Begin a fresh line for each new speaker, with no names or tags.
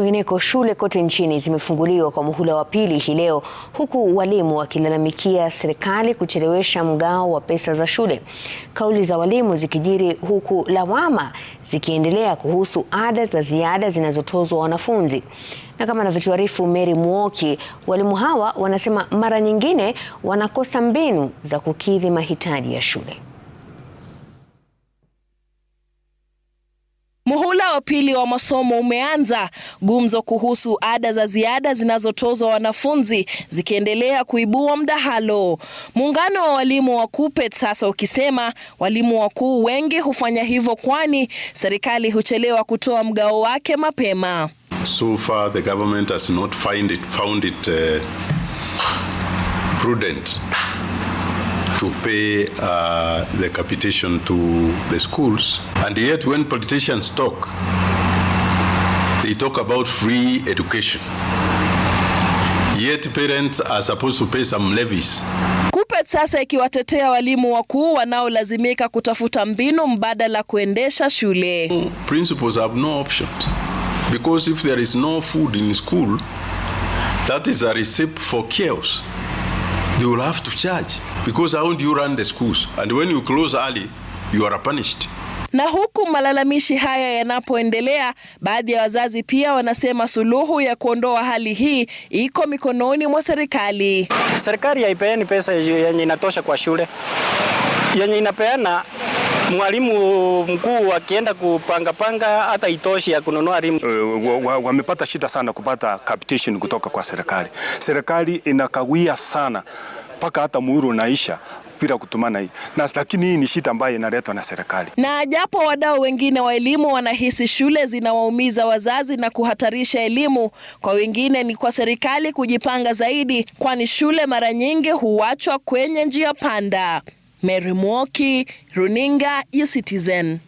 Kwingineko, shule kote nchini zimefunguliwa kwa muhula wa pili hii leo, huku walimu wakilalamikia serikali kuchelewesha mgao wa pesa za shule. Kauli za walimu zikijiri huku lawama zikiendelea kuhusu ada za ziada zinazotozwa wanafunzi. Na kama anavyotuarifu Mary Muoki, walimu hawa wanasema mara nyingine wanakosa mbinu za kukidhi mahitaji ya shule.
wa pili wa masomo umeanza, gumzo kuhusu ada za ziada zinazotozwa wanafunzi zikiendelea kuibua mdahalo. Muungano wa walimu wa KUPPET sasa ukisema walimu wakuu wengi hufanya hivyo, kwani serikali huchelewa kutoa mgao wake mapema.
So far the government has not find it, found it, uh, prudent to pay uh, the capitation to the schools. And yet, when politicians talk, they talk about free education. Yet parents are supposed to pay some levies.
KUPPET sasa ikiwatetea walimu wakuu wanaolazimika kutafuta mbinu mbadala kuendesha shule.
Principals have no options because if there is no food in school that is a recipe for chaos they will have to charge because how do you run the schools and when you close early you are punished
na huku malalamishi haya yanapoendelea, baadhi ya wazazi pia wanasema suluhu ya kuondoa hali hii iko mikononi mwa serikali.
Serikali haipeani pesa yenye inatosha kwa shule, yenye inapeana mwalimu mkuu akienda kupangapanga hata itoshi ya kununua rimu.
Eh, wamepata shida sana kupata capitation kutoka kwa serikali. Serikali inakawia sana mpaka hata muhuru unaisha bila kutumana hii na, lakini hii ni shida ambayo inaletwa na serikali.
Na japo wadau wengine wa elimu wanahisi shule zinawaumiza wazazi na kuhatarisha elimu, kwa wengine ni kwa serikali kujipanga zaidi, kwani shule mara nyingi huachwa kwenye njia panda. Mary Mwoki, runinga ya Citizen.